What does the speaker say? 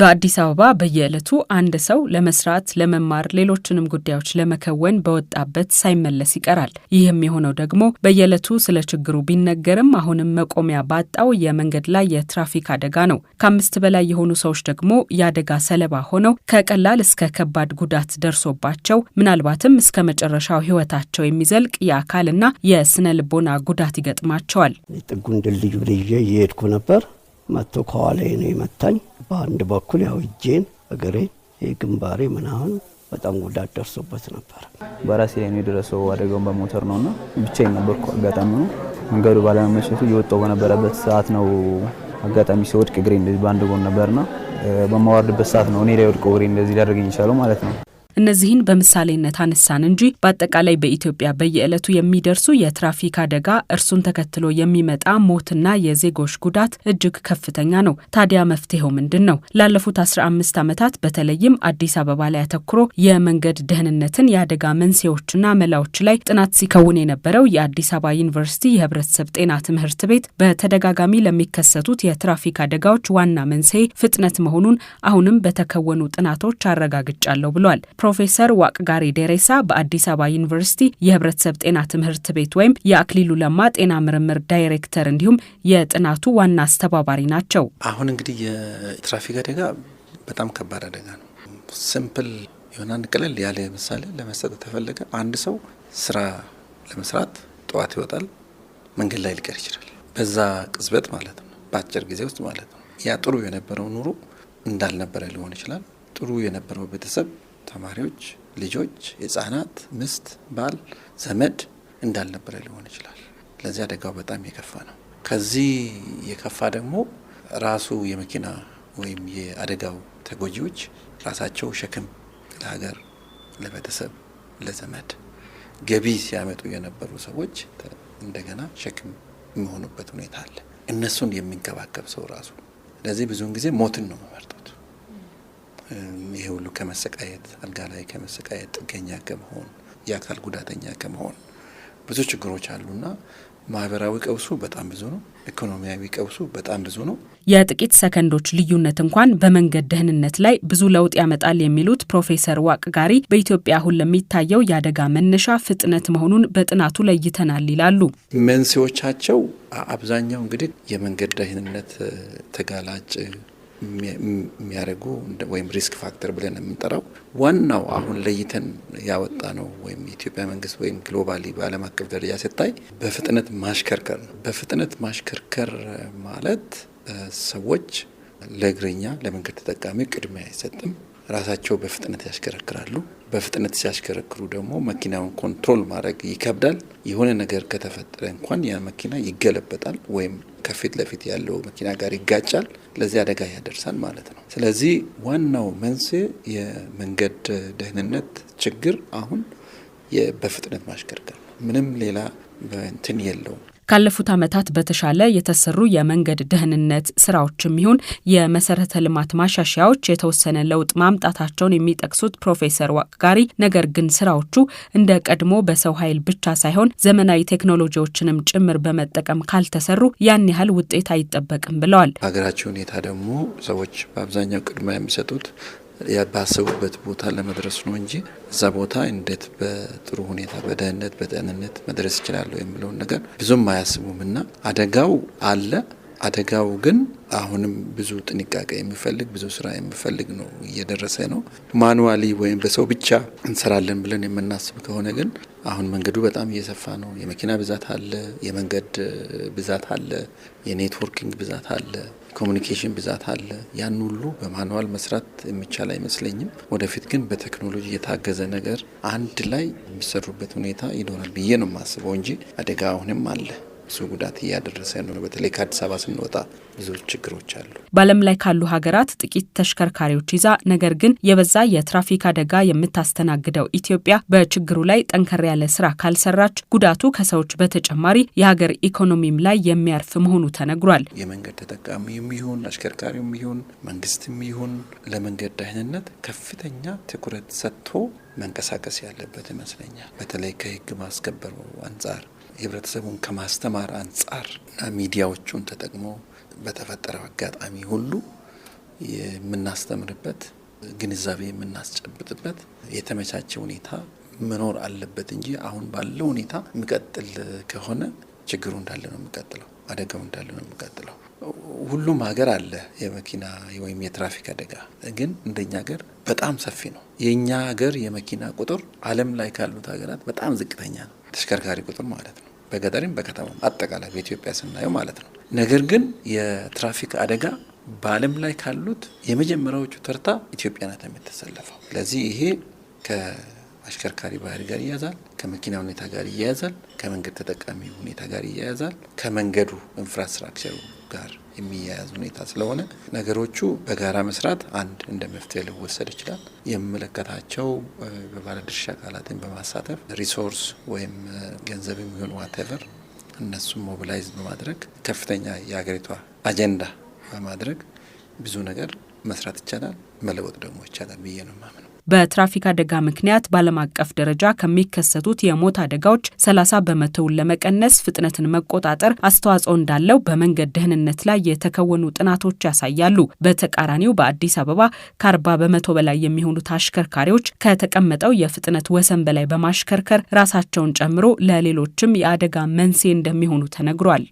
በአዲስ አበባ በየዕለቱ አንድ ሰው ለመስራት፣ ለመማር፣ ሌሎችንም ጉዳዮች ለመከወን በወጣበት ሳይመለስ ይቀራል። ይህም የሆነው ደግሞ በየዕለቱ ስለ ችግሩ ቢነገርም አሁንም መቆሚያ ባጣው የመንገድ ላይ የትራፊክ አደጋ ነው። ከአምስት በላይ የሆኑ ሰዎች ደግሞ የአደጋ ሰለባ ሆነው ከቀላል እስከ ከባድ ጉዳት ደርሶባቸው ምናልባትም እስከ መጨረሻው ሕይወታቸው የሚዘልቅ የአካልና የስነ ልቦና ጉዳት ይገጥማቸዋል። ጥጉን ድልድዩ ብዬ እየሄድኩ ነበር መጥቶ ከኋላ ነው የመታኝ። በአንድ በኩል ያው እጄን፣ እግሬ፣ ግንባሬ ምናምን በጣም ጉዳት ደርሶበት ነበር። በራሴ ላይ ነው የደረሰው። አደጋውን በሞተር ነው እና ብቻዬን ነበርኩ። አጋጣሚ ነው መንገዱ ባለመመቸቱ እየወጣው በነበረበት ሰዓት ነው አጋጣሚ ሲወድቅ እግሬ እንደዚህ በአንድ ጎን ነበርና በማዋርድበት ሰዓት ነው እኔ ላይ ወድቆ እግሬ እንደዚህ ሊያደርገኝ ይቻለው ማለት ነው። እነዚህን በምሳሌነት አነሳን እንጂ በአጠቃላይ በኢትዮጵያ በየዕለቱ የሚደርሱ የትራፊክ አደጋ፣ እርሱን ተከትሎ የሚመጣ ሞትና የዜጎች ጉዳት እጅግ ከፍተኛ ነው። ታዲያ መፍትሄው ምንድን ነው? ላለፉት 15 ዓመታት በተለይም አዲስ አበባ ላይ አተኩሮ የመንገድ ደህንነትን የአደጋ መንስኤዎችና መላዎች ላይ ጥናት ሲከውን የነበረው የአዲስ አበባ ዩኒቨርሲቲ የህብረተሰብ ጤና ትምህርት ቤት በተደጋጋሚ ለሚከሰቱት የትራፊክ አደጋዎች ዋና መንስኤ ፍጥነት መሆኑን አሁንም በተከወኑ ጥናቶች አረጋግጫለሁ ብሏል። ፕሮፌሰር ዋቅጋሪ ደሬሳ በአዲስ አበባ ዩኒቨርሲቲ የህብረተሰብ ጤና ትምህርት ቤት ወይም የአክሊሉ ለማ ጤና ምርምር ዳይሬክተር እንዲሁም የጥናቱ ዋና አስተባባሪ ናቸው። አሁን እንግዲህ የትራፊክ አደጋ በጣም ከባድ አደጋ ነው። ሲምፕል የሆነ አንድ ቀለል ያለ ምሳሌ ለመስጠት ተፈለገ አንድ ሰው ስራ ለመስራት ጠዋት ይወጣል፣ መንገድ ላይ ሊቀር ይችላል። በዛ ቅጽበት ማለት ነው፣ በአጭር ጊዜ ውስጥ ማለት ነው። ያ ጥሩ የነበረው ኑሮ እንዳልነበረ ሊሆን ይችላል። ጥሩ የነበረው ቤተሰብ ተማሪዎች፣ ልጆች፣ ህጻናት፣ ምስት፣ ባል፣ ዘመድ እንዳልነበረ ሊሆን ይችላል። ለዚህ አደጋው በጣም የከፋ ነው። ከዚህ የከፋ ደግሞ ራሱ የመኪና ወይም የአደጋው ተጎጂዎች ራሳቸው ሸክም ለሀገር፣ ለቤተሰብ፣ ለዘመድ ገቢ ሲያመጡ የነበሩ ሰዎች እንደገና ሸክም የሚሆኑበት ሁኔታ አለ። እነሱን የሚንከባከብ ሰው ራሱ። ለዚህ ብዙውን ጊዜ ሞትን ነው መመርጠት። ይሄ ሁሉ ከመሰቃየት አልጋ ላይ ከመሰቃየት ጥገኛ ከመሆን የአካል ጉዳተኛ ከመሆን ብዙ ችግሮች አሉና ማህበራዊ ቀውሱ በጣም ብዙ ነው። ኢኮኖሚያዊ ቀውሱ በጣም ብዙ ነው። የጥቂት ሰከንዶች ልዩነት እንኳን በመንገድ ደህንነት ላይ ብዙ ለውጥ ያመጣል የሚሉት ፕሮፌሰር ዋቅ ጋሪ በኢትዮጵያ አሁን ለሚታየው የአደጋ መነሻ ፍጥነት መሆኑን በጥናቱ ለይተናል ይላሉ። መንስኤዎቻቸው አብዛኛው እንግዲህ የመንገድ ደህንነት ተጋላጭ የሚያደርጉ ወይም ሪስክ ፋክተር ብለን የምንጠራው ዋናው አሁን ለይተን ያወጣ ነው ወይም የኢትዮጵያ መንግስት ወይም ግሎባሊ በዓለም አቀፍ ደረጃ ሲታይ በፍጥነት ማሽከርከር ነው። በፍጥነት ማሽከርከር ማለት ሰዎች ለእግረኛ ለመንገድ ተጠቃሚ ቅድሚያ አይሰጥም። ራሳቸው በፍጥነት ያሽከረክራሉ። በፍጥነት ሲያሽከረክሩ ደግሞ መኪናውን ኮንትሮል ማድረግ ይከብዳል። የሆነ ነገር ከተፈጠረ እንኳን ያ መኪና ይገለበጣል ወይም ከፊት ለፊት ያለው መኪና ጋር ይጋጫል። ለዚህ አደጋ ያደርሳል ማለት ነው። ስለዚህ ዋናው መንስኤ የመንገድ ደህንነት ችግር አሁን በፍጥነት ማሽከርከር ነው። ምንም ሌላ እንትን የለውም። ካለፉት ዓመታት በተሻለ የተሰሩ የመንገድ ደህንነት ስራዎችም ይሁን የመሰረተ ልማት ማሻሻያዎች የተወሰነ ለውጥ ማምጣታቸውን የሚጠቅሱት ፕሮፌሰር ዋቅጋሪ ነገር ግን ስራዎቹ እንደ ቀድሞ በሰው ኃይል ብቻ ሳይሆን ዘመናዊ ቴክኖሎጂዎችንም ጭምር በመጠቀም ካልተሰሩ ያን ያህል ውጤት አይጠበቅም ብለዋል። ሀገራችን ሁኔታ ደግሞ ሰዎች በአብዛኛው ቅድሚያ የሚሰጡት ባሰቡበት ቦታ ለመድረስ ነው እንጂ እዛ ቦታ እንዴት በጥሩ ሁኔታ በደህንነት በጤንነት መድረስ ይችላለሁ የሚለውን ነገር ብዙም አያስቡም እና አደጋው አለ። አደጋው ግን አሁንም ብዙ ጥንቃቄ የሚፈልግ ብዙ ስራ የሚፈልግ ነው፣ እየደረሰ ነው። ማኑዋሊ ወይም በሰው ብቻ እንሰራለን ብለን የምናስብ ከሆነ ግን አሁን መንገዱ በጣም እየሰፋ ነው። የመኪና ብዛት አለ፣ የመንገድ ብዛት አለ፣ የኔትወርኪንግ ብዛት አለ። ኮሚኒኬሽን ብዛት አለ። ያን ሁሉ በማንዋል መስራት የሚቻል አይመስለኝም። ወደፊት ግን በቴክኖሎጂ የታገዘ ነገር አንድ ላይ የሚሰሩበት ሁኔታ ይኖራል ብዬ ነው የማስበው እንጂ አደጋ አሁንም አለ። ብዙ ጉዳት እያደረሰ ነው። በተለይ ከአዲስ አበባ ስንወጣ ብዙ ችግሮች አሉ። በዓለም ላይ ካሉ ሀገራት ጥቂት ተሽከርካሪዎች ይዛ ነገር ግን የበዛ የትራፊክ አደጋ የምታስተናግደው ኢትዮጵያ በችግሩ ላይ ጠንከር ያለ ስራ ካልሰራች ጉዳቱ ከሰዎች በተጨማሪ የሀገር ኢኮኖሚም ላይ የሚያርፍ መሆኑ ተነግሯል። የመንገድ ተጠቃሚም ይሁን አሽከርካሪም ይሁን መንግስትም ይሁን ለመንገድ ደህንነት ከፍተኛ ትኩረት ሰጥቶ መንቀሳቀስ ያለበት ይመስለኛል። በተለይ ከህግ ማስከበሩ አንጻር ህብረተሰቡን ከማስተማር አንጻር እና ሚዲያዎቹን ተጠቅሞ በተፈጠረው አጋጣሚ ሁሉ የምናስተምርበት ግንዛቤ የምናስጨብጥበት የተመቻቸ ሁኔታ መኖር አለበት እንጂ አሁን ባለው ሁኔታ የሚቀጥል ከሆነ ችግሩ እንዳለ ነው የሚቀጥለው፣ አደጋው እንዳለ ነው የሚቀጥለው። ሁሉም ሀገር አለ የመኪና ወይም የትራፊክ አደጋ፣ ግን እንደኛ ሀገር በጣም ሰፊ ነው። የእኛ ሀገር የመኪና ቁጥር ዓለም ላይ ካሉት ሀገራት በጣም ዝቅተኛ ነው። ተሽከርካሪ ቁጥር ማለት ነው። በገጠሪም በከተማ አጠቃላይ በኢትዮጵያ ስናየው ማለት ነው። ነገር ግን የትራፊክ አደጋ በዓለም ላይ ካሉት የመጀመሪያዎቹ ተርታ ኢትዮጵያ ናት የምትሰለፈው። ስለዚህ ይሄ ከአሽከርካሪ ባህሪ ጋር ይያዛል፣ ከመኪና ሁኔታ ጋር ይያያዛል፣ ከመንገድ ተጠቃሚ ሁኔታ ጋር ይያያዛል፣ ከመንገዱ ኢንፍራስትራክቸሩ ጋር የሚያያዝ ሁኔታ ስለሆነ ነገሮቹ በጋራ መስራት አንድ እንደ መፍትሄ ሊወሰድ ይችላል። የሚመለከታቸው በባለድርሻ አካላትን በማሳተፍ ሪሶርስ ወይም ገንዘብ የሚሆን ዋቴቨር እነሱን ሞቢላይዝ በማድረግ ከፍተኛ የሀገሪቷ አጀንዳ በማድረግ ብዙ ነገር መስራት ይቻላል፣ መለወጥ ደግሞ ይቻላል ብዬ ነው ማምን በትራፊክ አደጋ ምክንያት በዓለም አቀፍ ደረጃ ከሚከሰቱት የሞት አደጋዎች 30 በመቶውን ለመቀነስ ፍጥነትን መቆጣጠር አስተዋጽኦ እንዳለው በመንገድ ደህንነት ላይ የተከወኑ ጥናቶች ያሳያሉ። በተቃራኒው በአዲስ አበባ ከ40 በመቶ በላይ የሚሆኑት አሽከርካሪዎች ከተቀመጠው የፍጥነት ወሰን በላይ በማሽከርከር ራሳቸውን ጨምሮ ለሌሎችም የአደጋ መንስኤ እንደሚሆኑ ተነግሯል።